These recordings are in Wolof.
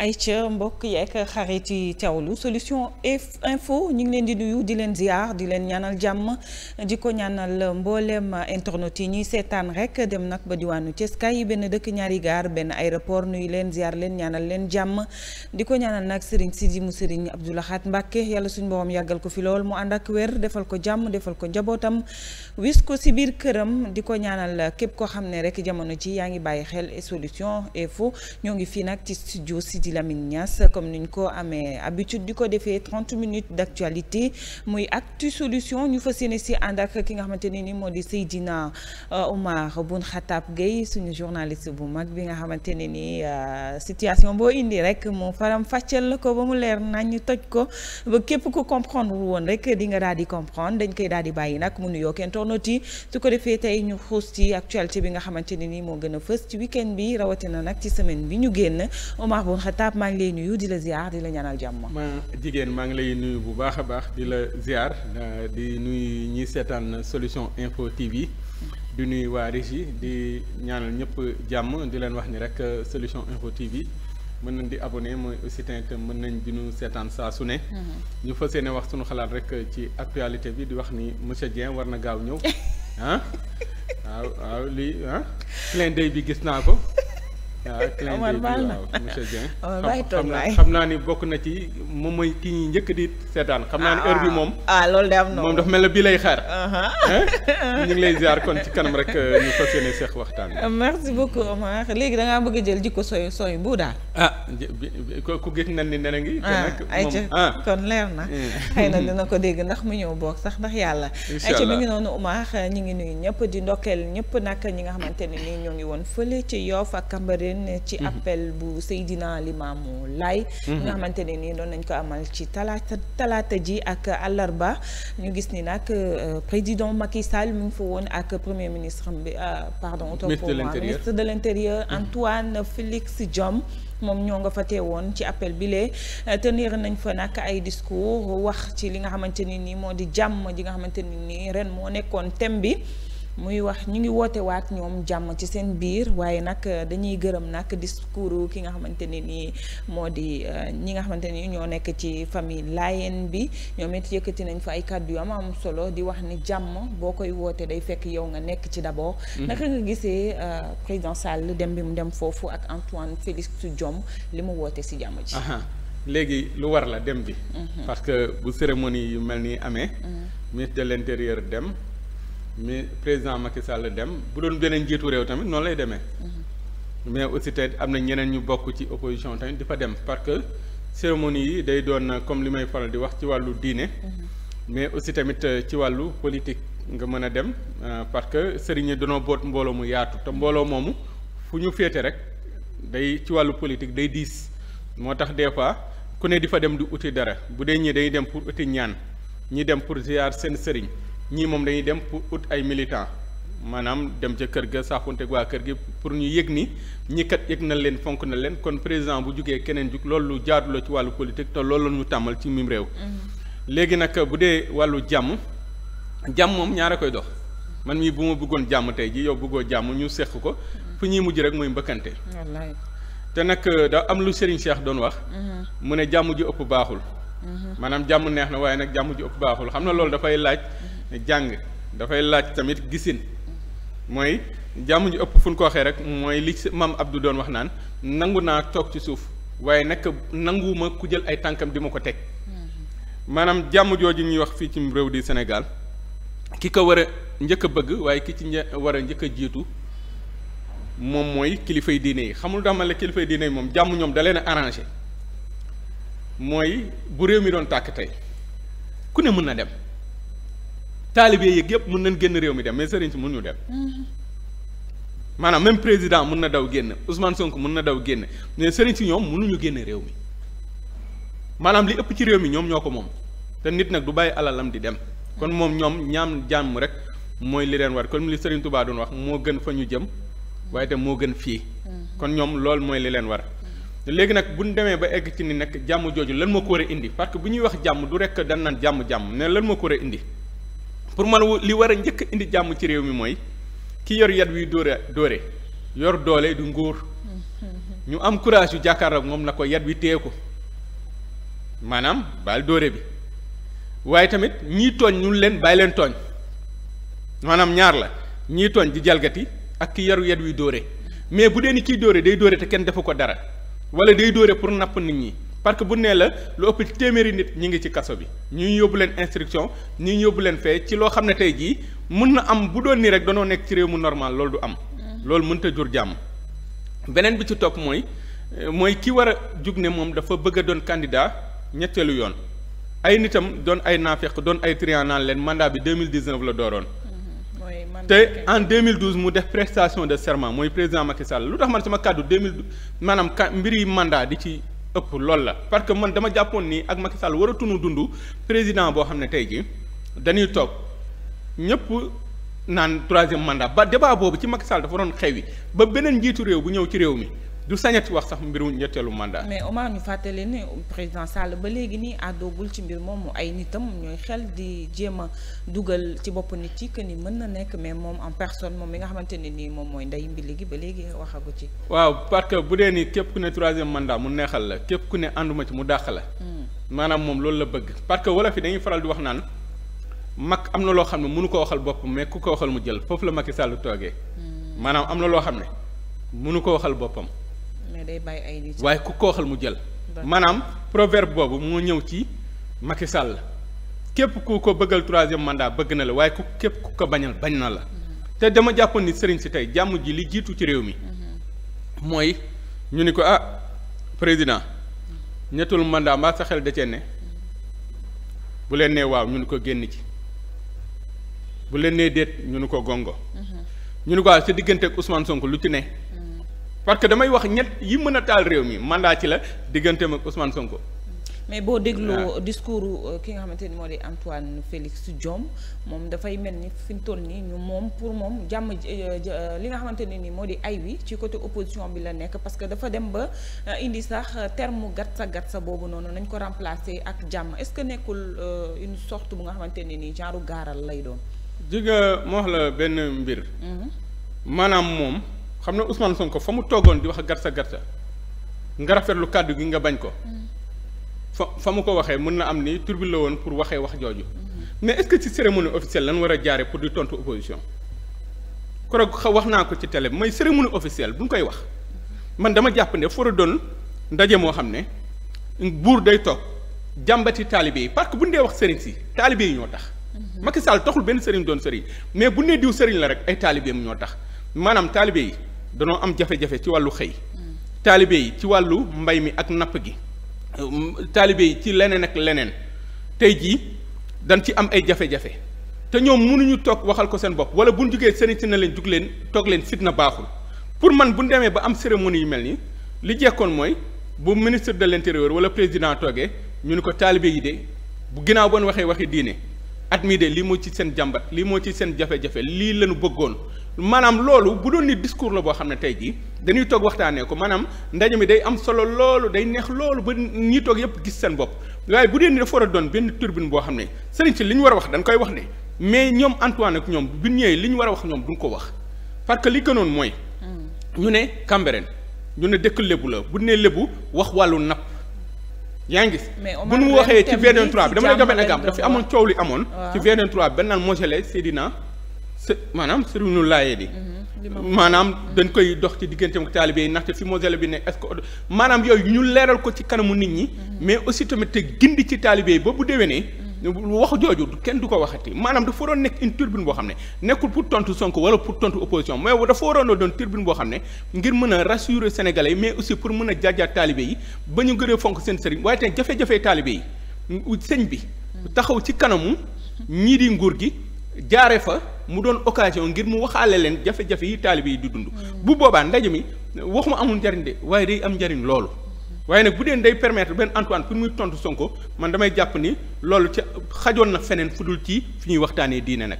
ay ca mbokk yeeg xarit yi teewlu solution info ñu ngi leen di nuyu di leen ziar di leen ñaanal jàmm di ko ñaanal mboolem internet yi ñuy seetaan rek dem nag ba diwaanu Thiès yi benn dëkk ñaari gaar benn aéroport nuyu leen ziar leen ñaanal leen jàmm di ko ñaanal nag Serigne Sidi mu Serigne Abdou Lahad Mbacké yàlla suñu borom yàggal ko fi lool mu ànd ak wér defal ko jàmm defal ko njabootam wis ko si biir këram di ko ñaanal képp koo xam ne rek jamono ji yaa ngi bàyyi xel solution info ñoo fii nag ci Sidi Lamine Niass comme niñ ko amee habitude di ko defee 30 minutes d' muy actu ki nga xamante ne moo di Seydina euh, Omar Boun Khatab bu mag bi nga xamante ne ni euh, situation boo indi rek mu faram fàcceel ko ba mu leer nañ ñu toj ko ba képp ku comprendre woon rek di nga comprendre dañ koy daal bàyyi nag mu nuyoo kenn tornoti su ko defee tey ñu xuus ci actualité bi nga xamante ne ni moo gën a fës ci week-end bi rawatina nag ci semaine bi ñu génn Omar Boun Khatab Pape maa ngi lay nuyu di la ziar di la ñaanal jàmm. ma jigéen maa ngi lay nuyu bu baax a baax di la ziar di nuyu ñi seetaan solution info TV di nuyu waa régie di ñaanal ñëpp jàmm di leen wax ni rek solution info TV. mën nañ di abone mooy aussi tamit mën nañ di nu seetaan saa su ne. Mm-hmm. ñu fas yéene wax suñu xalaat rek ci actualité bi di wax ni monsieur Dieng war na gaaw ñëw ah waaw waaw lii ah plein day bi gis naa ko Ah, Omar baal na waaw monsieur Dieng. xam naa ni bokk na ci moom mooy kii njëkk di seetaan xam naa ni ah, ah. moom. ah loolu de am na moom dafa mel ne bii lay xaar. Uh-huh. ñu ngi ci kanam rek euh, ñu fas yéene seex waxtaan merci beaucoup léegi da ngaa bëgg a jël jikko sooy sooy bu daal. ah ku gis nan ni nene ngi. ay ca kon leer na. Mm. xëy na dina ko dégg ndax mu ñëw boog sax ndax yàlla. ay ca mi ngi noonu Omar ñu ngi nuyu ñëpp di ndokkeel ñëpp nag ñi nga xamante ni nii ñoo ngi woon fële ci Yoff ak Cambérène leen ci mhm. appel bu Seydina Limaamu Laay mhm. nga xamante ne nii doon nañ ko amal ci talaata talaata ji ak àllarba ñu gis ni nag euh, président Macky Sall mu ngi fa woon ak premier ministre bi euh, pardon auto pour moi ministre de l'intérieur mhm. Antoine Félix Diome moom ñoo nga fa teewoon ci appel bi lee tenir nañ fa nag ay discours wax ci li nga xamante ni nii moo di jàmm ji nga xamante ni nii ren moo nekkoon thème bi muy wax ñu ngi woote waat ñoom jàmm ci seen biir waaye nag euh, dañuy gërëm nag discours ki nga xamante ne nii moo di euh, ñi nga xamante ni ñoo nekk ci famille Laayeen bi ñoom it yëkkati nañ fa ay kàddu yu am am solo di wax ni jàmm boo koy woote day fekk yow nga nekk ci d'abord. Mm-hmm. naka nga gisee euh, président Sall dem bi mu dem foofu ak Antoine Félix jomm li mu woote si jàmm ji. léegi lu war la dem bi. Mm-hmm. parce que bu cérémonie yu mel ni amee. mu mm-hmm. ministre de l'intérieur dem. mais président Macky Sall dem bu doon beneen njiitu réew tamit noonu lay demee. Mhm. mais aussi tey am na ñeneen ñu bokk ci opposition tamit di fa dem parce que cérémonie yi day doon comme li may faral di wax ci wàllu diine. Mhm. mais aussi tamit euh, ci wàllu politique nga mën a dem euh, parce que sëriñ danoo boot mbooloo mu yaatu te mbooloo moomu fu ñu féete rek day ci wàllu politique day diis moo tax des fois ku ne di fa dem di uti dara bu dee ñii day dem pour uti ñaan ñi dem pour ziar seen sëriñ. ñii moom dañuy dem pour ut ay militant maanaam dem ca kër ga saafonteeg waa kër gi pour ñu yëg ni ñi kat yëg na leen fonk na leen kon président bu jugee keneen jug loolu lu jaadu ci wàllu politique te loolu la ñu tàmmal ci mim réew. Mm-hmm. léegi nag bu dee wàllu jàmm jàmm moom ñaara koy dox man mii bu ma bëggoon jàmm tey ji yow bëggoo jàmm ñu seq ko mm-hmm. fu ñuy mujj rek mooy mbëkkante. te nag euh, da am lu Serigne Cheikh doon wax. Mm-hmm. mu ne jàmm ji ëpp baaxul. maanaam jàmm neex na waaye jàmm ji ëpp baaxul xam na loolu dafay laaj. jàng dafay laaj tamit gisin mooy jàmm ju ëpp fu ko waxee rek mooy li ab Abdou doon wax naan nangu naa toog ci suuf waaye nag nanguwuma ku jël ay tànkam di ma ko teg maanaam jàmm jooju ñuy wax fii ci réew di Sénégal ki ko war a njëkk a bëgg waaye ki ci një war a njëkk a jiitu moom mooy kilifay diine yi xamul dama kilifa kilifay diine yi moom jàmm ñoom da leen a arrangé mooy bu réew mi doon tàkk tey ku ne mën na dem. taalibe yeeg yëpp mun nañ génn réew mi dem mais sëriñ si mun ñu dem maanaam même président mun na daw génn Ousmane sonk mun na daw génn mais sëriñ si ñoom mënuñu génn réew mi maanaam li ëpp ci réew mi ñoom ñoo ko moom te nit nag du bàyyi alalam di dem kon moom ñoom ñaam jàmm rek mooy li leen war kon li Sëriñ Tuubaa doon wax moo gën fa ñu jëm waaye te moo gën fii kon ñoom loolu mooy li leen war léegi nag bu ñu demee ba egg ci ni nag jàmm jooju lan moo ko war indi parce que bu ñuy wax du rek dan naan jàmm-jàmm ne lan moo ko indi pour man li war a njëkk indi jàmm ci réew mi mooy ki yor yat wi dóore dóore yor doole du nguur ñu am courage yu jàkkaarloog moom na ko yat wi téye ko maanaam baal dóore bi waaye tamit ñii tooñ ñu leen bàyyi leen tooñ maanaam ñaar la ñii tooñ di jalgati ak ki yaru yet wi dóore mais bu dee ni kiy dóore day dóore te kenn defu ko dara wala day dóore pour napp nit ñi parce que bu nee la lu ëpp téeméeri nit ñi ngi ci kaso bi ñuy yóbbu leen instruction ñuy yóbbu leen fee ci loo xam ne tey jii mën na am bu doon nii rek danoo nekk ci réew mu normal loolu du am. loolu mënut a jur jàmm. beneen bi ci topp mooy euh, mooy ki war a jug ne moom dafa bëgg doon candidat ñetteelu yoon ay nitam doon ay naafeq doon ay triant naan leen mandat bi 2019 la dooroon. Mm-hmm. te en 2012 mu def prestation de serment mooy président Macky Sall lu tax man sama kàddu 2012 maanaam ka mbiri mandat di ci. ëpp loolu la parce que man dama jàppoon ni ak Macky waratu waratuñu dundu président boo xam ne tey jii dañuy toog ñëpp naan troisième mandat ba débat boobu ci Macky Sall dafa doon xewi ba beneen njiitu réew bu ñëw ci réew mi du sañati wax sax mbiru ñetteelu mandat. mais Omar ñu fàttali ne président Sall ba léegi nii àddoogul ci mbir moomu ay nitam ñooy xel di jéem a dugal ci bopp nit yi que ni mën na nekk mais moom en personne moom mi nga xamante ni nii moom mooy ndey mbili gi ba léegi waxagu ci. waaw parce que bu dee ni képp ku ne troisième mandat mu neexal la képp ku ne ànduma ci mu dàq la. Hmm. maanaam moom loolu la bëgg parce que wolof yi dañuy faral di wax naan mag am na loo xam ne mënu ko waxal bopp mais ku ko waxal mu jël foofu la Macky Sall toogee. Hmm. maanaam am na loo xam ne mënu ko waxal boppam mais day bàyyi ay li waaye ku kooxal mu jël. maanaam proverbe boobu moo ñëw ci Macky Sall képp ku ko bëggal troisième mandat bëgg na la waaye ku képp ku ko bañ bañ na la. Mm-hmm. te dama jàppoon ni sëriñ si tey jàmm ji li jiitu ci réew mi. Mm-hmm. mooy ñu ni ko ah président mm-hmm. ñettul mandat mbaa sa xel da cee ne bu leen nee waaw ñu ni ko génn ci bu leen nee déet ñu ni ko gongo. ñu ni ko ah sa diggante ak Ousmane Sonko lu ci ne. parce que damay wax ñett yi mën a taal réew mi mandat ci la digganteem ak Ousmane Sonko. mais boo dégloo ah. discours euh, ki nga xamante ni moo di Antoine Félix Diome moom dafay mel ni fi mu toll nii ñu moom pour moom jàmm euh, euh, li nga xamante ne ni moo di ay wi ci côté opposition bi la nekk parce que dafa dem ba indi sax terme gatsa gatsa boobu noonu nañ ko remplacer ak jàmm est-ce que nekkul une sorte bu nga xamante ne ni genre gaaral lay doon. jigéen moo la benn mbir. Mhm. maanaam moom. xam na son ko fa mu toogoon di wax garsa garsa nga rafetlu kàddu gi nga bañ ko. Mm. fa fa mu ko waxee mën na am ni turbi la woon pour waxee wax jooju. Mm-hmm. mais est-ce que ci cérémonie officielle lan war a jaare pour di tontu opposition. keroog xaw wax naa ko ci tele mooy cérémonie officielle bu ñu koy wax mm-hmm. man dama jàpp ne foo doon ndaje moo xam ne buur day toog jàmbati taalibe yi parce que bu ñu dee wax sëriñ si taalibe yi ñoo tax. Mm-hmm. Macky Sall taxul benn sëriñ doon sëriñ mais bu nee diw sëriñ la rek ay ñoo tax maanaam taalibe danoo am jafe-jafe ci wàllu xëy taalibe yi ci wàllu mbay mi ak napp gi taalibe yi ci leneen ak leneen tey jii dañ ci am ay jafe-jafe te ñoom nu ñu toog waxal ko seen bopp bu buñ jugee sëriñ si na leen jug leen toog leen na baaxul pour man bu ñu demee ba am cérémonie yu mel ni li jekkoon mooy bu ministre de l'intérieur wala président toogee ñu ni ko taalibe yi de bu ginnaaw bon waxee waxi diine at mii de lii moo ci seen jàmbat lii moo ci seen jafe lii lañu bëggoon maanaam loolu bu doon ni discours la boo xam ne tey jii dañuy toog waxtaanee ko maanaam ndaje mi day am solo loolu day neex loolu ba ñi toog yépp gis seen bopp waaye bu dee ni dafa war a doon benn turbine boo xam ne sëriñ si li ñu war a wax dañ koy wax ne mais ñoom Antoine ak ñoom bu ñëwee li ñu war a wax ñoom duñ ko wax parce que li gënoon mooy. ñu ne Cambérène ñu ne dëkk lébu la bu ne lébu wax wàllu napp. yaa ngi gis bu ñu waxee ci VDN amoon coow li amoon. ci VDN 3 bi benn naan se maanaam sëriñu laaye di mm-hmm. maanaam dañ koy dox ci digganteem ak taalibe yi ndaxte fi moselle bi ne est-ce que maanaam yooyu ñu leeral ko ci kanamu nit ñi mm-hmm. mais aussi tamit te gindi ci taalibe yi ba bu déwénee mm-hmm. wax jooju kenn du ko waxati maanaam dafa waroon nekk une turbine boo xam ne nekkul pour tontu Sonko wala pour tontu opposition mais dafa waroon a doon turbine boo xam ne ngir mën a rassurer sénégalais yi mais aussi pour mën a jaajaat taalibe yi ba ñu gën fonk seen sëriñ waaye tamit jafe-jafe taalibe yi sëñ bi taxaw ci kanamu ñii di nguur gi jaare fa mu doon occasion ngir mu waxaale leen jafe-jafe yi taalibe yi di dund bu boobaa ndaje mi waxuma amul njariñ de waaye day am njariñ loolu waaye nag bu dee day permettre benn Antoine pour muy tontu Sonko man damay jàpp ni loolu ca xajoon na feneen fu dul ci fi ñuy waxtaanee diine nag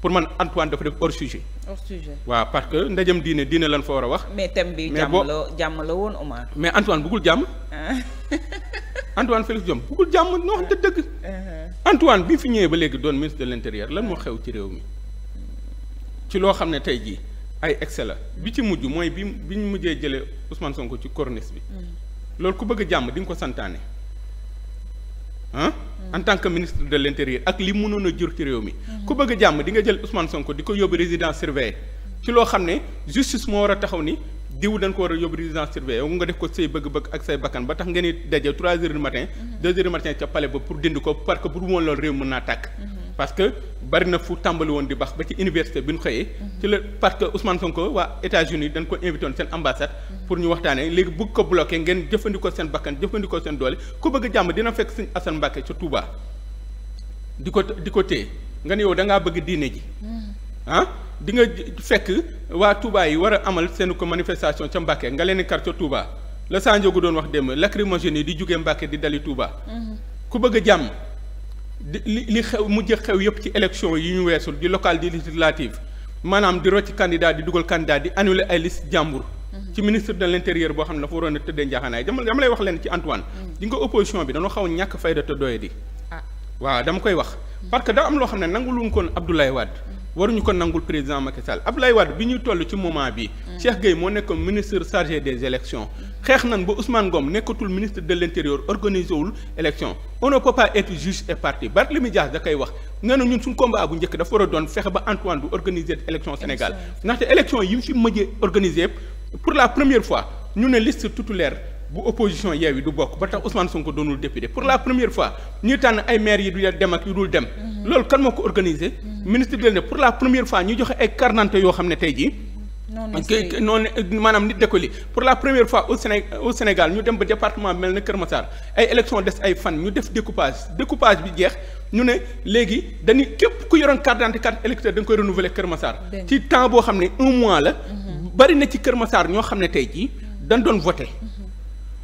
pour man Antoine dafa def hors sujet. hors sujet waa parce que ndajam diine diine lan fa war a wax. mais thème bi jàmm la jàmm la woon Omar. mais Antoine bëggul jàmm. Antoine Félix Diome bëggul jàmm noo xam te dëgg. bi fi ñëwee ba léegi doon ministre de l' intérieur moo xew ci réew mi. ci loo xam ne tey jii ay excès la bi ci mujj mooy bi bi ñu mujjee jëlee Ousmane Sonko ci corniche bi. Mm. loolu ku bëgg jàmm di nga ko santaane. ah en tant que ministre de l'intérieur ak li mënoon a jur ci réew mi. Mm. ku bëgg jàmm di nga jël Ousmane Sonko di ko yóbbu résidence surveillée ci loo xam ne justice moo war a taxaw ni. diw dañ ko war a yóbbu résidence surveillée nga def ko say bëgg-bëgg ak say bakkan ba tax ngeen di daje trois heures du matin mm-hmm. deux heures du matin ca palais ba pour dindi ko parce que bu dul woon loolu réew mën naa tàkk mm-hmm. parce que bari na fu tàmbali woon di bax ba ci université bi ñu xëyee. ci la parce que Ousmane ko waa États-Unis dañ ko invité seen ambassade. pour ñu waxtaanee léegi bëgg ko bloqué ngeen jëfandikoo seen bakkan jëfandikoo seen doole ku bëgg jàmm dina fekk Sëñ Assane Mbacké ca Touba di ko di ko téye nga ne yow da ngaa bëgg diine ji. ah di nga fekk waa Touba yi war a amal seen ko manifestation ca Mbacké nga leen kar ca Touba la Sanjogu doon wax démb lacrymogène yi di jugee Mbacké di dali Touba. ku bëgg jàmm. di li li xew mujj xew yëpp ci election yi ñu weesul di local di législative maanaam di rocc candidat di dugal candidat di annuler ay liste jàmbur. Mhm. ci ministre de l' intérieur boo xam ne dafa waroon a tëddee njaaxanaay dama dama lay wax leen ci Antoine. Mhm. di nga opposition bi dañoo xaw ñàkk fayda te doye di. Ah. waaw dama koy wax. Mhm. parce que daa am loo xam ne nangu lu ko woon Abdoulaye waat waruñu ko nangul président Macky Sall Abdoulaye Wade bi ñuy toll ci moment bi mm. Cheikh Gueye moo nekkoon ministre chargé des élections xeex nan ba Ousmane Ngom nekkatul ministre de l' intérieur organisé wul élection on ne peut pas être juge et parti Barthélémy Dias da koy wax nee na ñun suñ combat bu njëkk dafa war a doon fexe ba Antoine du organiser élection Sénégal ndaxte élection yi mu fi mëjee organiser pour la première fois ñu ne liste titulaire bu opposition Yewwi du bokk ba tax Ousmane Sonko doonul député pour la première fois ñuy tànn ay maires yi du dem ak yu dul dem. Mhm. loolu kan moo ko organisé. Mhm. ministre de ne pour la première fois ñu joxe ay carte d'identité yoo xam ne tey jii. noonu maanaam nit dëkk pour la première fois au Séné au Sénégal ñu dem ba département mel na Kër Massar ay élection des ay fan ñu def découpage découpage bi jeex ñu ne léegi dañuy képp ku yoroon carte d'identité carte électeur da nga koy renouveler Kër Massar. ci temps boo xam ne un mois la. Mhm. bari na ci Kër Massar ñoo xam ne tey jii dañ doon voté.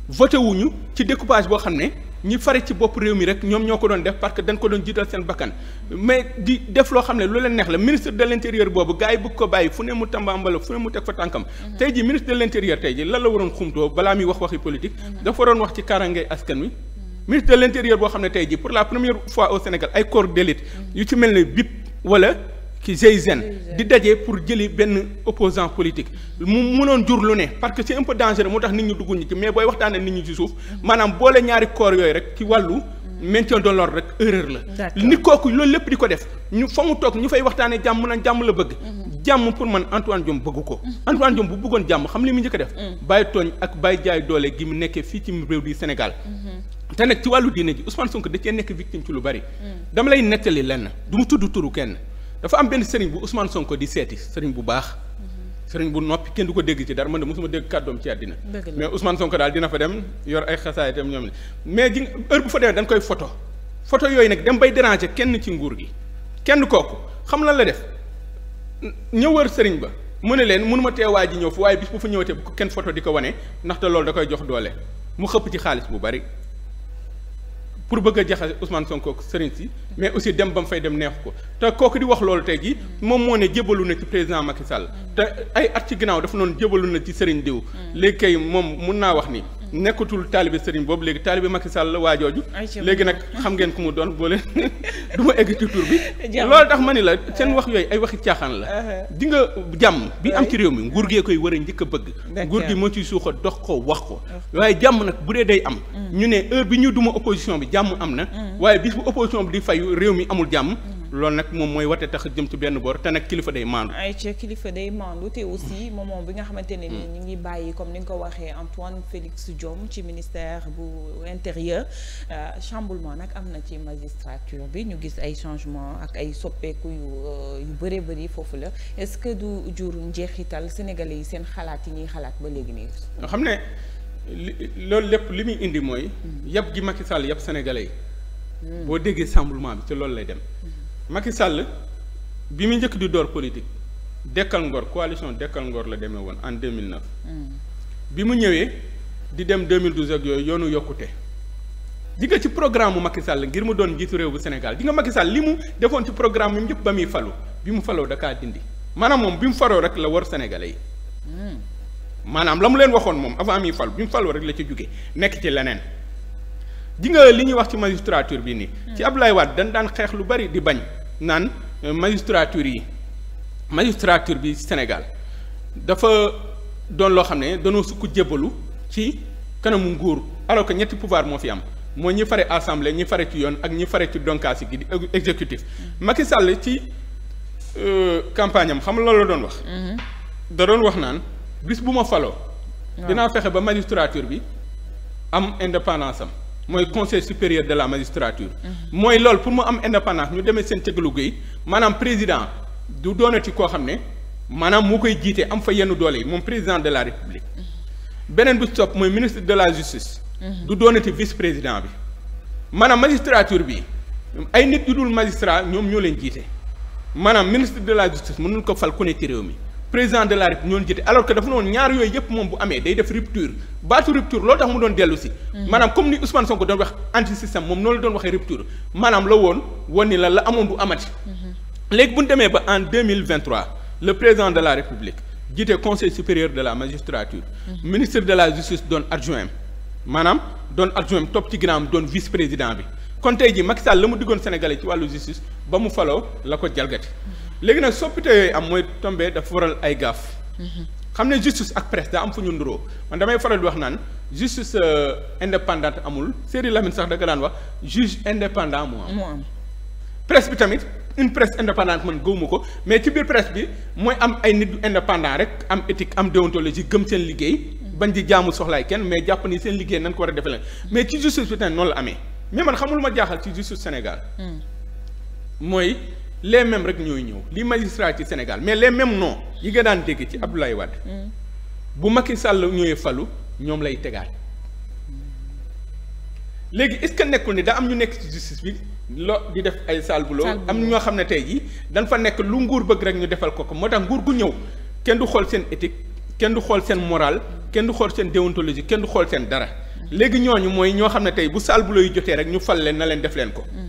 voté wuñu ci découpage boo xam ne ñi fare ci bopp réew mi rek ñoom ñoo ko doon def parce que dañ ko doon jiital seen bakkan mais di def loo xam ne lu leen neex la ministre de l' boobu gars yi bëgg ko bàyyi fu ne mu tambaambala fu ne mu teg fa tànkam mhm. tey ji ministre de l' tey ji lan la waroon xumtoo balaa muy wax waxi politique mhm. dafa waroon wax ci kaarangay askan wi mhm. ministre de l' boo xam ne tey ji pour la première fois au Sénégal ay corps d'élite yu ci mel ne BIP ci ki GIGN di daje pour jëli benn opposant politique mu munoon jur lu ne parce que c'est un moo tax nit ñu dugg ñu ci mais booy waxtaanee nit ñi ci suuf maanaam boole ñaari corps yooyu rek ci wàllu maintien de l'ordre rek erreur la nit kooku loolu lépp di ko def ñu fa mu toog ñu fay waxtaanee jàmm mu jàmm la bëgg mhm. jàmm pour man Antoine Diome bëgg ko Antoine Diome bu bëggoon jàmm xam li mu njëkk def mhm. bàyyi tooñ ak bàyyi jaay doole gi mu nekkee fii ci réew di Sénégal mhm. te nag ci wàllu diine ji Ousmane Sonko da cee nekk victime ci lu bari dama lay nettali lenn du mu tudd turu kenn dafa am benn sëriñ bu Ousmane Sonko di seeti sëriñ bu baax. Mhm. sëriñ bu noppi kenn du ko dégg ci dara man de mosuma dégg kàddoom ci àddina mais Ousmane Sonko daal dina fa dem yor ay xasaay dem ñoom mais ji heure bu fa demee dañ koy photo photo yooyu nag dem bay déranger kenn ci nguur gi kenn kooku xam lan la def ñëw wër sëriñ ba mu ne leen mënuma tee waa ji ñëw fu waaye bis bu fa ñëwatee bu ko kenn foto di ko wane ndaxte loolu da koy jox doole mu xëpp ci xaalis bu bari pour bëgg a jaxase Ousmane Sonko ak sëriñ si mais aussi dem ba mu fay dem neexu ko te kooku di wax loolu tey gi moom moo ne jébalu na ci président Macky Sall te ay at ci ginnaaw dafa noonu jébalu na ci sëriñ diw mm. léegi kay moom mun naa wax nii nekkatul taalibe sëriñ boobu léegi taalibe Macky Sall la waajooju léegi nag xam ngeen ku mu doon boole leen ma egg ci tur bi loolu tax ma ni la seen wax yooyu ay waxi caaxaan la uh-huh. di nga jàmm bi am ci réew mi nguur gee koy war a njëkk a bëgg nguur gi moo ciy suuxa dox ko wax ko waaye jàmm nag bu dee day am mm. ñu ne heure bi ñu duma opposition bi jàmm am na mm. waaye bis bu opposition bi di fayu réew mi amul jàmm mm. loolu nag moom mooy wate tax jëm ci benn boor te nag kilifa day maandu. kilifa day maandu te aussi hmm. moment bi nga xamante ne ni hmm. ñu ngi bàyyi comme ni nga ko waxee Antoine Félix Diome ci ministère bu intérieur euh, chamboulement nag am na ci magistrature bi ñu gis ay changement ak ay soppeeku yu euh, yu bëree bëri foofu la est-ce que du jur njeexital sénégalais yi seen xalaat yi ñuy xalaat ba léegi nii. nga xam ne loolu lépp li muy indi mooy. Hmm. yab gi Macky Sall yab sénégalais yi. boo déggee chamboulement ci loolu lay dem. Macky Sall bi mu njëkk di door politique dekkal ngor coalition dekkal ngor la demee woon en 2009. Hmm. bi mu ñëwee di dem 2012 ak yooyu yoonu yokkute. di ci programme mu Macky Sall ngir mu doon njiitu réew bu Sénégal di nga Macky Sall li mu defoon ci programme bi ba muy falu bi mu faloo da kaa dindi moom bi mu faroo rek la war Sénégalais yi. Hmm. maanaam la mu leen waxoon moom avant muy falu bi mu faloo rek la ci jóge nekk ci leneen. di nga li ñuy wax ci magistrature bi nii. Hmm. ci Abdoulaye Wade dañ daan xeex lu bari di bañ. naan euh, magistrature yi magistrature bi Sénégal dafa doon loo xam ne danoo sukk jébbalu ci kanamu nguur alors que ñetti pouvoir moo fi am mooy ñi fare assemblée ñi fare ci yoon ak ñi fare ci donkaasi gi di exécutif Macky Sall ci euh, campagne xam loolu la doon wax mm-hmm. da doon wax naan bis bu ma faloo dinaa fexe ba magistrature bi am indépendance am mooy conseil supérieur de la magistrature. mooy loolu pour mu am indépendance ñu demee seen cëggalu gi maanaam président du doonati koo xam ne maanaam mu koy jiite am fa yenn doole yi moom président de la république. beneen bu topp mooy ministre de la justice. du doonati vice président bi. maanaam magistrature bi ay nit yu dul magistrat ñoom ñoo leen jiite maanaam ministre de la justice mënul ko fal ku ne ci réew mi. président de la République ñoon jëte alors que dafa noonu ñaar yooyu yëpp moom bu amee day def rupture baatu rupture loolu tax mu doon dellu si mm-hmm. maanaam comme ni Ousmane Sonko doon wax anti système moom noonu la doon waxee rupture maanaam la woon woon ni la la amoon du amati mm-hmm. léegi bu ñu demee ba en le président de la République jite conseil supérieur de la magistrature mm-hmm. ministre de la justice doon adjoint maanaam doon adjoint topp ci ginnaawam doon vice président bi kon ji Macky Sall la mu diggoon Sénégalais ci wàllu justice ba mu faloo la ko jalgati léegi nag soppite yooyu am mooy tombé dafa waral ay gaaf. Mhm. xam ne justice ak presse daa am fu ñu nduroo man damay faral di wax naan justice euh, indépendante amul Serigne Lamine sax da nga daan wax juge indépendant moo am. presse bi tamit une presse indépendante man gëwuma ko mais ci biir presse bi mooy am ay nit yu indépendant rek am éthique am déontologie gëm seen liggéey. Mhm. bañ di jaamu soxlaay kenn mais jàpp ni seen liggéey nañ ko war a defee leen mhm. mais ci justice bi tamit amee mais man xamul ma jaaxal ci justice Sénégal. les mêmes rek ñooy ñëw li magistrat ci Sénégal mais les mêmes noms yi nga daan dégg ci Abdoulaye Wade mm. bu Macky Sall ñëwee falu ñoom lay tegaat léegi est-ce que nekkul ni da am ñu nekk ci justice bi loo di def ay salbulo am ñoo xam ne tey jii dañ fa nekk lu nguur bëgg rek ñu defal ko ko moo tax nguur gu ñëw kenn du xool seen éthique kenn du xool seen moral kenn du xool seen déontologie kenn du xool seen dara mm. léegi ñu mooy ñoo xam ne tey bu salbulo yu jotee rek ñu fal leen na leen def leen ko. Mm.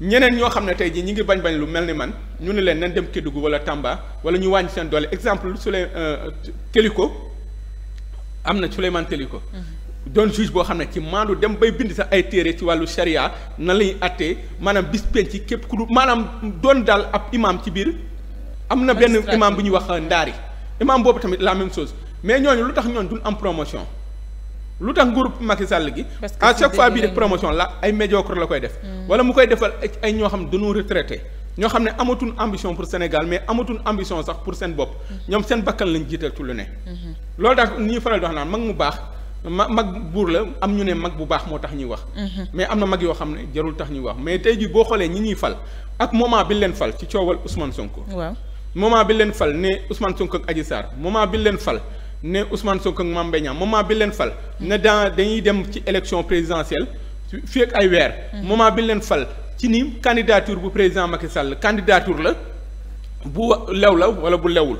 ñeneen ñoo xam ne tey jii ñi ngi bañ bañ lu mel ni man ñu ne leen nañ dem Kédougou wala Tamba wala ñu wàññi seen doole exemple Souley euh, Téliko am na Souleymane Téliko mm-hmm. doon juge boo xam ne ci maandu dem bay bind sax ay téere ci wàllu sharia na lañuy attee maanaam bis ci képp ku du maanaam doon daal ab imam ci biir am na benn imam bu ñuy wax euh, ndaari imam boobu tamit la même chose mais ñooñu lu tax ñoon duñ am promotion lu tax nguur i Sall gi. à chaque fois bii def promotion la ay médiocre la koy def. Mm. wala mu koy defal ay ñoo xam ne dañoo retraité ñoo xam ne amatuñ ambition pour Sénégal mais amatuñ ambition sax pour seen bopp. Mm. ñoom seen bakkan lañ jiital ci lu ne. Mm-hmm. loolu tax ñuy faral di wax naan mag mu baax. ma mag buur la am ñu ne mag bu baax moo tax ñuy wax. Mm-hmm. mais am na mag yoo xam ne jarul tax ñuy wax mais tey jii boo xoolee ñi ñuy fal ak moment bi leen fal ci coowal Ousmane Sonko. waaw moment bi leen fal ne Ousmane Sonko ak Adji Sarr moment bi leen fal. ne Ousmane Sonko ak Mame Mbaye Niang moment bi leen fal ne dans dañuy dem ci élection présidentielle fii ak ay weer moment bi leen fal ci ni candidature bu président Macky Sall candidature la bu lew la wala bu lewul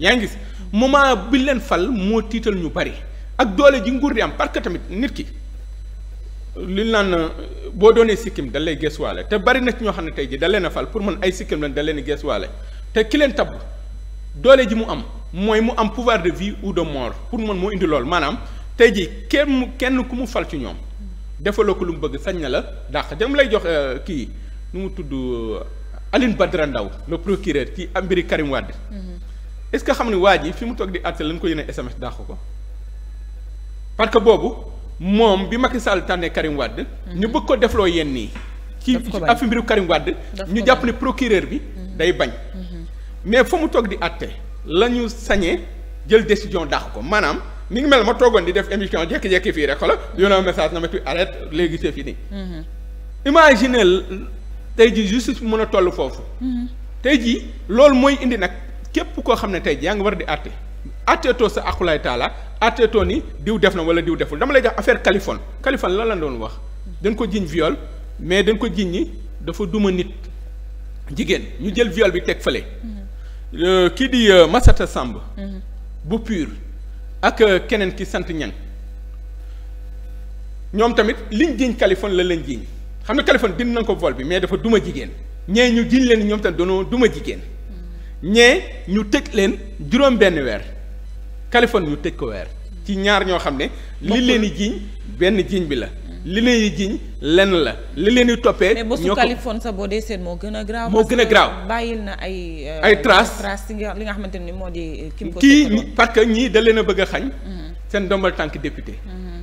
yaa ngi gis moment bi leen fal moo tiital ñu bari ak doole ji nguur di am parce que tamit nit ki li naan euh, boo doonee sikkim da lay gesuwaale te bari na ci ñoo xam ne tey ji da leen a fal pour man ay sikkim lañ da leen gesuwaale te ki leen tabb doole ji mu am mooy mu am pouvoir de vie ou de mort pour man moo indi lool maanaam tey jii kenn kenn ku mu fal ci ñoom defaloo ko lu mu bëgg sañ na la dàq dem lay jox euh, kii nu mu tudd euh, Aline Badara ndaw le procureur ci mbiri Karim Wade mm-hmm. est-ce que xam ne waa ji fi mu toog di àtte lañ ko yónnee SMS dàq ko parce que boobu moom bi Macky Sall tànnee Karim Wade. Mm-hmm. ñu bëgg ko defloo yenn nii. ci affaire mbiru Karim Wade. ñu jàpp ne procureur bi mm-hmm. day bañ. mais fa mu toog di àtte la ñu sañee jël décision dàq ko maanaam mi ngi mel ma toogoon di def émission jékki-jékki fii rek xala yónnee message na ma tu arrête léegi c'est fini. Mm-hmm. imagine tey ji justice bi mën a toll foofu. Mm-hmm. tey jii loolu mooy indi nag képp koo xam ne tey jii yaa ngi war di àtte àtteetoo sa akulaay taala àtteetoo ni diw def na wala diw deful dama lay jox affaire kalifon Kaliphone lan la doon wax. dañ ko jiñ viol mais dañ ko jiñ ni dafa duma nit jigéen ñu jël viol bi teg fële. Mm-hmm. kii di euh, Massata sàmb mhm. bu pur ak euh, keneen ki sant ñan ñoom tamit liñ jiiñ Kaliphone la leen jiiñ xam ne Kaliphone bind na ko vol bi mais dafa duma jigéen ñee ñu jiiñ leen ñoom tamit doonoo duma jigéen mhm. ñee ñu tëj leen juróom benn weer Kaliphone ñu tëj ko weer ci ñaar ñoo xam ne li leen di jiiñ benn jiiñ bi la li leen yi jiñ lenn la li leen di toppee. ñoo ko mais bosu Kaliphone sa boo dee seet moo gën a graaw. moo gën a graaw bàyyil na ay. Euh, ay traces traces li nga xamante ni moo di. Euh, kii parce que ñii da leen a bëgg a xañ. Mm-hmm. seen domal tànk député. Mm-hmm.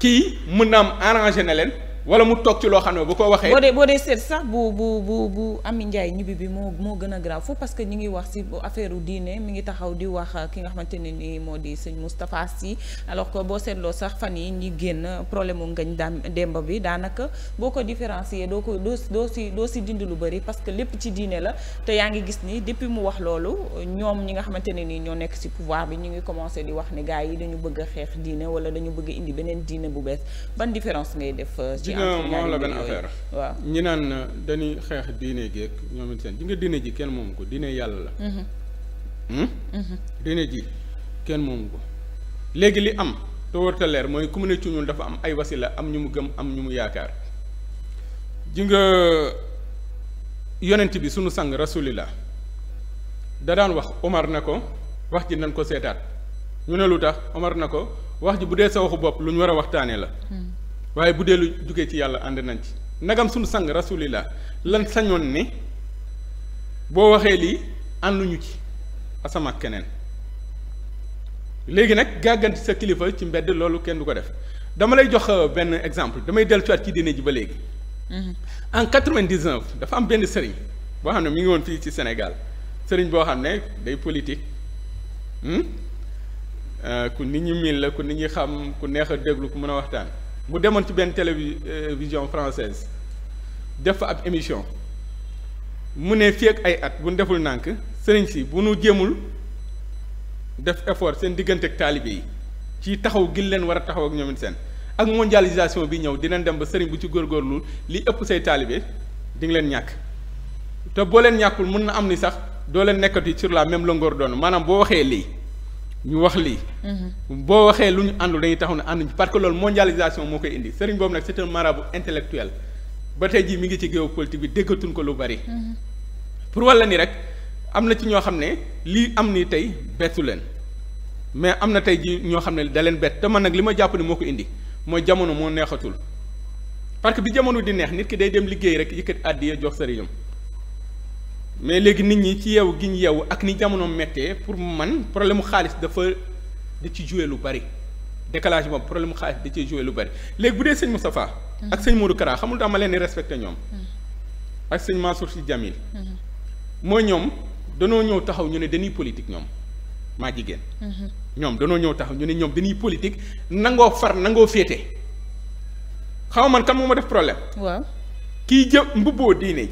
kii mën am arrangé na leen. wala mu toog ci loo xam ne boo ko waxee. boo dee boo dee seet sax bu bu bu bu Ami Ndiaye ñibbi bi moo moo gën a grave foofu parce que ñi ngi wax si affaire diine mi ngi taxaw di wax ki nga xamante ne ni moo di sëñ Moustapha Sy alors que boo seetloo sax fan yi ñi génn problème mu ngañ daan démb bi daanaka boo ko différencier doo ko doo doo si doo si dindi lu bëri parce que lépp ci diine la te yaa ngi gis ni depuis mu wax loolu ñoom ñi nga xamante ne ni ñoo nekk si pouvoir bi ñu ngi commencé di wax ne gars yi dañu bëgg xeex diine wala dañu bëgg indi beneen diine bu bees ban différence ngay def. Euh, ci la benn affaire waaw ñi naan euh, dañuy xeex diine géeg ñoom seen ji nga diine ji kenn moomu ko diine yàlla la mm-hmm. Hmm? Mm-hmm. diine ji kenn moomu ko léegi li am te mooy leer mooy commune ci dafa am ay wasila am ñu mu gëm am ñu mu yaakaar ji nga euh, yonent bi sunu sang rasulillah da daan wax Omar na ko wax ji nañ ko seetaat ñu ne lu tax Omar na ko wax ji bu dee sa waxu bopp lu ñu war a waxtaanee la mm. waaye bu dee lu jugee ci yàlla ànd nañ ci nagam suñu sang rasulillah lan sañoon ne boo waxee lii ànduñu ci asamaak keneen léegi nag gàgganti sa kilifa ci mbedd loolu kenn du ko def dama lay jox euh, benn exemple damay dellu ci ci dina ji ba léegi. Mhm. en quatre vingt dix dafa am benn sëriñ boo xam ne mi ngi woon fii ci senegal sëriñ boo xam ne day politique hmm? euh, ku nit ñi miin la ku nit ñi xam ku neex a déglu ku mën a waxtaan. mu demoon ci benn télévision française def fa ab émission mu ne fii ak ay at bu ñu deful nànk sëriñ si bu nu jéemul def effort seen diggante ak taalibe yi ci taxaw gi leen war a taxaw ak ñoom seen ak mondialisation bi ñëw dinañ dem ba sëriñ bu ci góorgóorlu li ëpp say taalibe di nga leen ñàkk te boo leen ñàkkul mun na am ni sax doo leen nekkati sur la même longueur maanaam boo waxee lii. ñu wax lii. boo waxee lu ñu àndul dañuy taxaw ne ànduñu parce que loolu mondialisation moo koy indi sëriñ boobu nag c'est un marabout intellectuel ba tey jii mi ngi ci géopolitique bi déggatuñ ko lu bari. pour walla ni rek am na ci ñoo xam ne lii am ni tey bettu leen mais am na tey jii ñoo xam ne da leen bett te man nag li ma jàpp ne moo ko indi mooy jamono moo neexatul parce que bi jamono di neex nit ki day dem liggéey rek yëkkat àddiya jox sëriñam mais léegi nit ñi ci yeewu gi ñu yeewu ak ni jamono méttee pour man problème mu xaalis dafa da ci joué lu bari décalage boobu problème mu xaalis da ciy joué lu bari léegi bu dee sëñ Moustapha ak sëñ Modou Kara xamul dama leen di respecté ñoom. Hmm. ak sëñ Mansour Sy Djamil. Hmm. mooy ñoom danoo ñëw taxaw ñu ne dañuy politique ñoom maa jigéen. Hmm. ñoom danoo ñëw taxaw ñu ne ñoom dañuy politique nangoo far nangoo féete xaw man kan moo ma def problème. waaw kiy jë mbubboo diine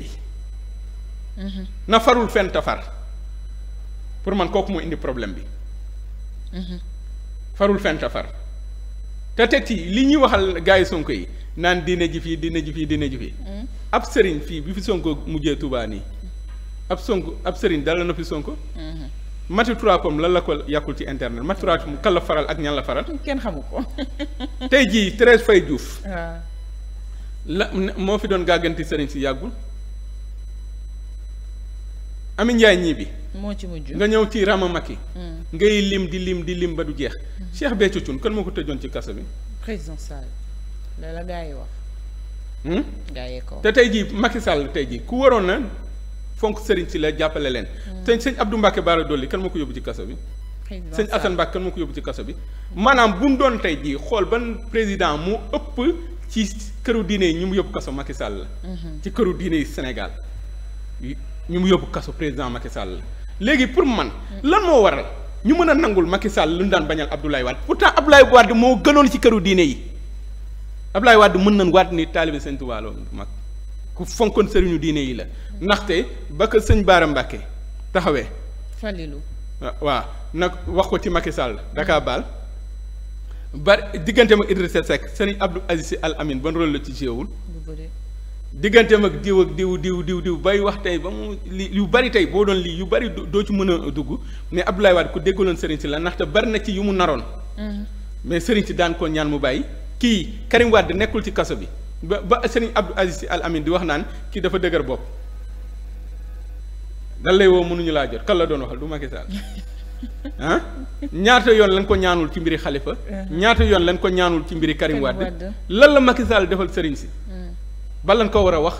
na farul fenn te far pour man kooku moo indi problème bi. farul fenn te far te teg ci li ñuy waxal gars yi Sonko yi naan diine ji fii diine ji fii diine ji ab sëriñ fii bi fi Sonko mujjee Touba nii ab Sonko ab sëriñ dal na fi Sonko. mati turaapam lan la ko yàqul ci internet mati turaapam kan la faral ak ñan la faral. kenn xamu ko. tey jii Thérèse Faye Diouf. la moo fi doon gàgganti sëriñ si yàggul. Ami Ndiaye ñii bi. moo ci mujj nga ñëw ci Rama Maki. Hmm. ngay lim di lim di lim ba du jeex. Hmm. Cheikh Béthio Thioune kan moo ko tëjoon ci kaso bi. président Sall la la gaa yi wax. Hmm? gaa yee ko te tey jii Macky Sall tey jii ku waroon na fonk sëriñ si la jàppale leen. te sëñ Abdou Mbacke Bara Dolly kan moo ko yóbbu ci kaso bi. sëñ Assane Mbacke kan moo ko yóbbu ci kaso bi. maanaam bu mu doon tey jii xool ban président mu ëpp ci këru diine yi ñu mu yóbbu kaso Macky Sall la. ci këru diine yi senegal ñu mu yóbbu kaso président Macky Sall léegi pour man lan moo waral ñu mën a nangul Macky Sall lu ñu daan bañal Abdoulaye Wade pourtant Abdoulaye Wade moo gënoon ci këru diine yi Abdoulaye Wade mën na waat ni taalibe Sëñ Tuubaa la mag ku fonkoon seriñu diine yi la ndaxte ba ko sëñ Baara Mbàkke taxawee. Falilu ah, waaw nag wax ko ci Macky Sall dakaa baal ba diggante ma Idrissa Seck sëriñ Abdou Aziz Al Amin ba rôle la ci jéewul. digganteem ak diw ak diw diw diw diw bay wax tey ba mu lii yu bari tey boo doon lii yu bari doo ci mën a dugg mais Abdoulaye Wade ku déggaloon sëriñ si la ndaxte bari na ci yu mu naroon. Mm-hmm. mais sëriñ si daan ko ñaan mu bàyyi. kii Karim Wade nekkul ci kaso bi ba ba sëriñ Abdou Aziz Al Amin di wax naan kii dafa dëgër bopp. dan lay woo mënuñu laa jot kan la doon waxal du Macky Sall ah ñaata yoon lañ ko ñaanul ci mbiri xalifa uh-huh. ñaata yoon lañ ko ñaanul ci mbiri Karim lan la Macky defal sëriñ si. ba lan ko war a wax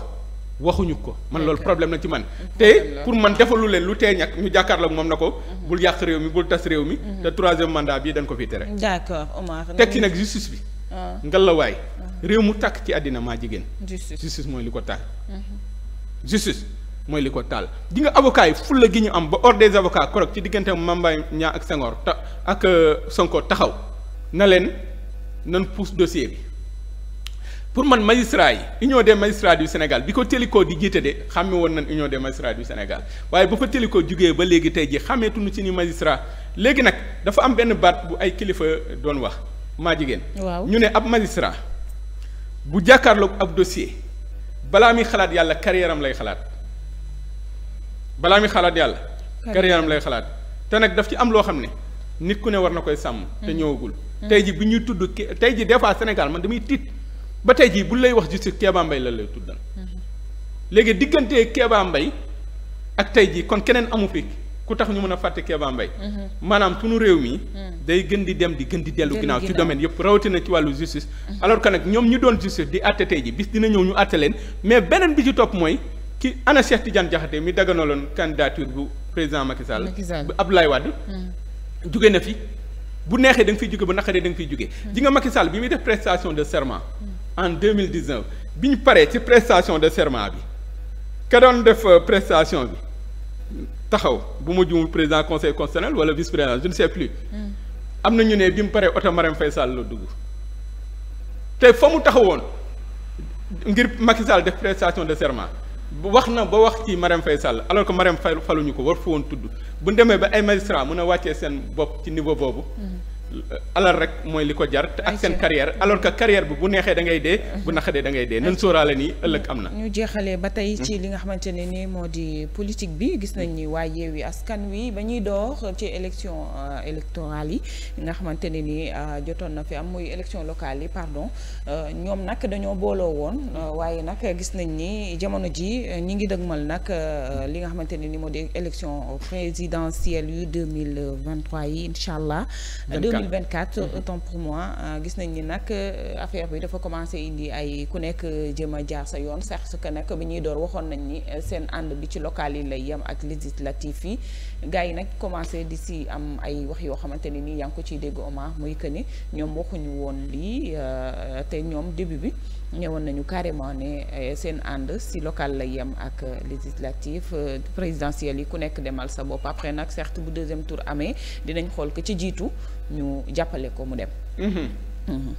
waxuñu ko man loolu problème la ci man te pour man defalu leen lu tee ñàkk ñu jàkkaarloo moom na ko mhm. bul yàq réew mi bul tas réew mi mhm. te troisième mandat bii dañ ko fiy tere d'accord Omar tekki nag justice bi ah. ngalawaay ah. réew mu takk ci àddina ma jigéen justice mooy li ko taal mhm. justice mooy li ko taal di nga avocat yi fulla gi ñu am ba ordre des avocats korok ci diggante Mame Mbaye Niang ak Senghor ta ak euh, Sonko taxaw na leen nan pousse dossier bi pour man magistrat yi union des magistrats du Sénégal bi ko Téliko di jiite de xàmme woon nañ union des magistrats du Sénégal waaye ba fa Téliko jugee ba léegi tey ji xàmmeetuñu ci ni magistrat léegi nag dafa am benn baat bu ay kilifa doon wax maa jigéen. ñu ne ab magistrat bu jàkkaarloog ab dossier balaa muy xalaat yàlla carrière lay xalaat balaa mi xalaat yàlla. carrière lay xalaat te nag daf ci am loo xam ne. nit ku ne war na koy sàmm. te mm-hmm. ñëwagul. Mm-hmm. tey bu ñuy tudd tey ji des fois Sénégal man damay ba tey jii bu lay wax justice Kéba mbay la lay tuddal léegi diggante Kéba mbay ak tey jii kon keneen amu fi ku tax ñu mën a fàtte Kéba mbay mm-hmm. maanaam sunu réew mi mm. day gën di dem di gën di dellu ginnaaw ci domaine yëpp rawatina ci wàllu justice mm-hmm. alors que nag ñoom ñu doon justice di àtte tey ji bis dina ñëw ñu àtte leen mais beneen bi ci topp mooy ki ana Cheikh Tidiane Diakhaté mi daganaloon candidature bu président Macky Sall bu Abdoulaye Wade mm. jóge na fi bu neexee da nga fiy jóge bu naqaree da nga fiy jóge mm. ji nga Macky Sall bi muy def prestation de serment en deux mille dix neuf bi ñu paree ci prestation de serment bi ka doon def euh, prestation bi taxaw bu ma juumul président conseil constitutionnel wala vice président je ne sais plus. Hmm. am na ñu ne bi mu paree oto Marème Faye Sall la dugg te fa mu taxawoon ngir Macky Sall def prestation de serment wax na ba wax ci Marème Faye Sall alors que Marème Faye faluñu ko war fa woon tudd bu ñu demee ba ay magistrats mun a wàccee seen bopp ci niveau boobu. Hmm. alal rek mooy li ko jar te ak seen carrière alors que carrière bi bu neexee da ngay dee bu naqadee da ngay dee nan sóoraale ni ëllëg am na ñu jeexalee ba tey ci hmm. li nga xamante ne ni moo di politique bi gis nañ ni waa Yewwi Askan Wi ba ñuy dox ci élection euh, électorale yi nga xamante ne ni euh, jotoon na fi am muy élection locale yi pardon euh, ñoom nag dañoo booloo woon waaye nag gis nañ ni jamono ji ñi ngi dëgmal nag li nga xamante ne ni moo di élection présidentielle yu 2023 yi incha allah quatre autant pour moi euh, gis nañ ni nag euh, affaire bi dafa commencé indi ay ku nekk euh, jéem a jaar sa yoon sax su ko nag bi ñuy door waxoon nañ ni seen ànd bi ci local yi lay yem ak législatif yi gars yi nag commencé di si am ay wax yoo xamante ne nii yaa ngi ko ciy dégg Omar muy que ni ñoom waxuñu woon lii te ñoom début bi. ñëwoon nañu carrément ne eh, seen ànd si local la yem ak législatif euh, présidentielle yi ku nekk demal sa bopp après nag certes bu deuxième tour amee dinañ xool ko ci jiitu ñu jàppale ko mu dem. Mm-hmm. Mm-hmm.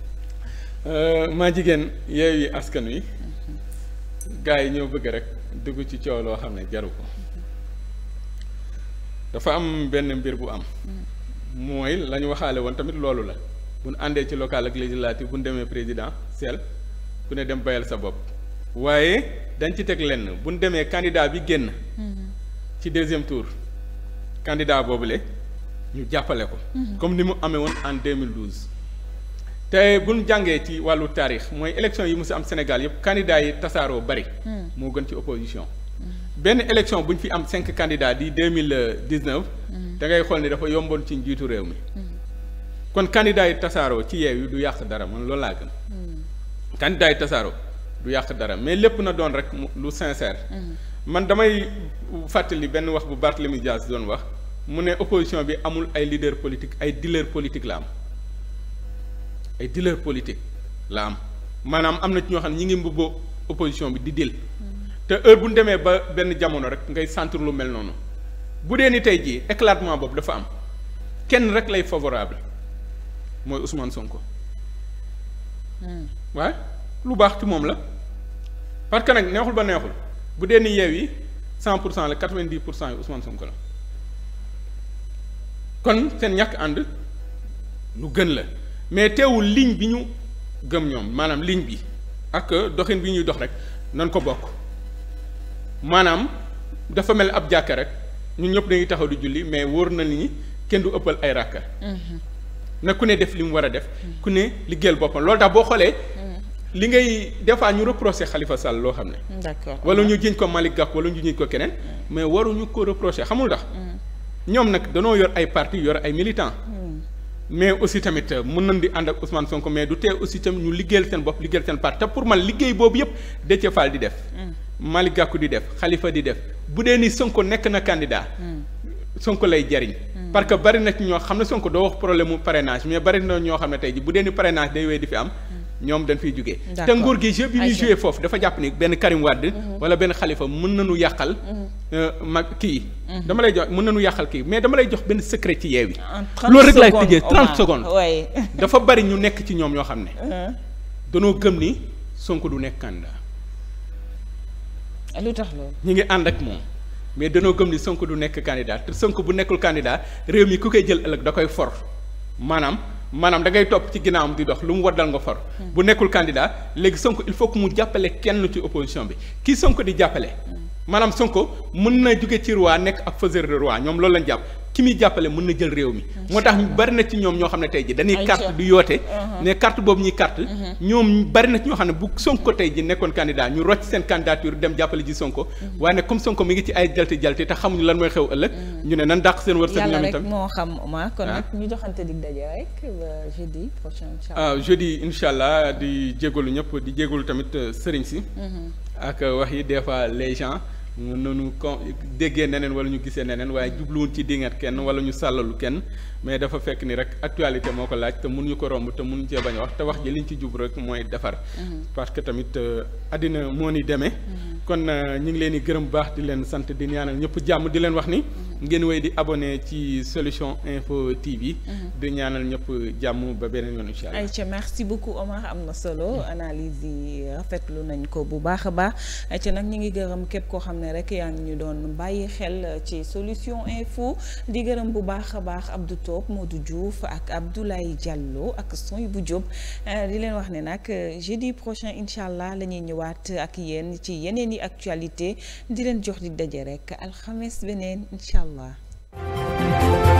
Euh, maa jigéen yeewi askan wi. Mm-hmm. gars yi ñoo bëgg rek dugg ci coow loo xam ne jaru ko. dafa am benn mbir bu am. mooy lañu waxaale woon tamit loolu la bu ñu àndee ci local ak législatif bu ñu demee président sel ku ne dem bayal sa bopp waaye dañ ci teg lenn bu ñu demee candidat bi génn ci deuxième tour boobu le ñu jàppale ko mhm. comme ni mu amee woon en 2012 te bu ñu jàngee ci wàllu taarix mooy élection yi mu si am Sénégal yëpp candidat yi tasaaroo bari hmm. moo gën ci opposition hmm. benn élection bu ñu fi am cinq candidats di deux mille dix-neuf hmm. da ngay xool ni dafa yomboon ci njiitu réew mi kon candidat yi tasaaroo ci yeew yi du yàq dara man loolu laa gën candidat yi tasaaroo du yàq dara mais lépp na doon rek lu sincère. Mm-hmm. man damay fàttali benn wax bu Barthélemy Dias doon wax mu ne opposition bi amul ay leader politique ay dealer politique la am ay dealer politique la am maanaam am na ci ñoo xam ne ñi ngi mbubboo opposition bi di dil mm-hmm. te heure bu ñu demee ba benn jamono rek ngay sentir lu mel noonu bu dee ni tey jii éclatement boobu dafa am kenn rek lay favorable mooy Ousmane Sonko. ko mm. waaye lu baax ci moom la parce que nag neexul ba neexul bu dee ni yeew yi cent pour cent la quatre vingt dix pour cent yi Ousmane Sonko la kon seen ñàkk ànd lu gën la mais teewul ligne bi ñu gëm ñoom maanaam ligne bi ak doxin bi ñuy dox rek nan ko bokk maanaam dafa mel ab jàkka rek ñun ñëpp dañuy taxaw di julli mais wóor na ni kenn du ëppal ay ràkka mhm. na ku ne def li mu war a def ku ne liggéeyal boppam loolu tax boo xoolee li ngay des fois ñu reproché xalifa Sall loo xam ne. d'accord wala ñu jiñ ko Malick Gakou wala ñu jiñ ko keneen. Mm. mais waruñu ko reproché xamul ndax. Mm. ñoom nag danoo yor ay parti yor ay militants. Mm. mais aussi tamit euh, mën na di ànd ak Ousmane Sonko mais du tee aussi tamit ñu liggéeyal seen bopp liggéeyal seen parti te pour man liggéey boobu yëpp Déthié Fall di def. Malick Gakou di def Khalifa di def bu dee ni Sonko nekk na candidat. Sonko lay jariñ. parce que bari na ñoo xam ne Sonko doo wax ñoo xam ne tey bu dee ni day wéy di fi am. ñoom dañ fiy jóge te nguur gi jeu bi ñuy joué foofu dafa jàpp ni benn Karim Wade mhm. wala benn Khalifa mën nañu yàqal mhm. euh, mag kii mhm. dama lay jox mën nañu yàqal kii mais dama lay jox benn secret ci yeew yi loolu rek laay tëjee trente secondes dafa bari ñu nekk ci ñoom ñoo xam ne uh-huh. danoo gëm ni Sonko du nekk candidat lu tax loolu ñu ngi ànd ak moom mais danoo gëm ni Sonko du nekk candidat te Sonko bu nekkul candidat réew mi ku koy jël ëllëg da koy for maanaam maanaam da topp ci ginnaawam di dox lu mu waddal nga for hmm. bu nekkul candidat léegi Sonko il faut que mu jàppale kenn ci opposition bi kii Sonko di jàppale hmm. maanaam Sonko mën na juge ci roi nekk ab faiseur de roi ñoom loolu lañ jàpp ki muy jàppale mën na jël réew mi moo tax bari na ci ñoom ñoo xam ne tey ji dañuy carte du yoote uh-huh. ne carte boobu ñuy carte uh-huh. ñoom bari na ci ñoo xam ne bu Sonko tey ji nekkoon candidat ñu rocc seen candidature dem jàppale ji Sonko uh-huh. waaye nag comme Sonko mi ngi ci ay jalte jalte te xamuñu lan mooy xew ëllëg ñu ne nan dàq seen wërsëg ñoom itam moo xam ma ah. kon nag ñu joxante dig daje rek jeudi prochain ah jeudi incha allah di jégalu ñëpp di jégalu tamit euh, sëriñ si ak euh, wax yi des fois les gens mën nañu con déggee neneen wala ñu gisee neneen waaye jubluwuñ ci dingat kenn wala ñu sàllalu kenn mais dafa fekk ni rek actualité moo ko laaj te mun ñu ko romb te mun mënuñu cee bañ a wax te wax ji liñ ci jub rek mooy defar. Mm-hmm. parce que tamit euh, àddina moo ni demee. Mm-hmm. kon euh, ñu ngi leen di gërëm baax di leen sant di ñaanal ñëpp jàmm di leen wax ni. Mm-hmm. ngeen wéy di abonné ci solution info TV. di ñaanal ñëpp jàmm ba beneen yoon incha allah. ayca merci beaucoup Omar am na solo analyse yi rafetlu ko bu baax a baax ayca ñu ne rek yaa ngi ñu doon bàyyi xel ci solution info di gërëm bu baax a baax Abdou Top Modou Diouf ak Abdoulaye Diallo ak Soy bu Diop euh, di leen wax ne nag jeudi prochain incha allah la ñëwaat ak yéen ci yeneen yi actualité di leen jox di daje rek alxames beneen incha allah.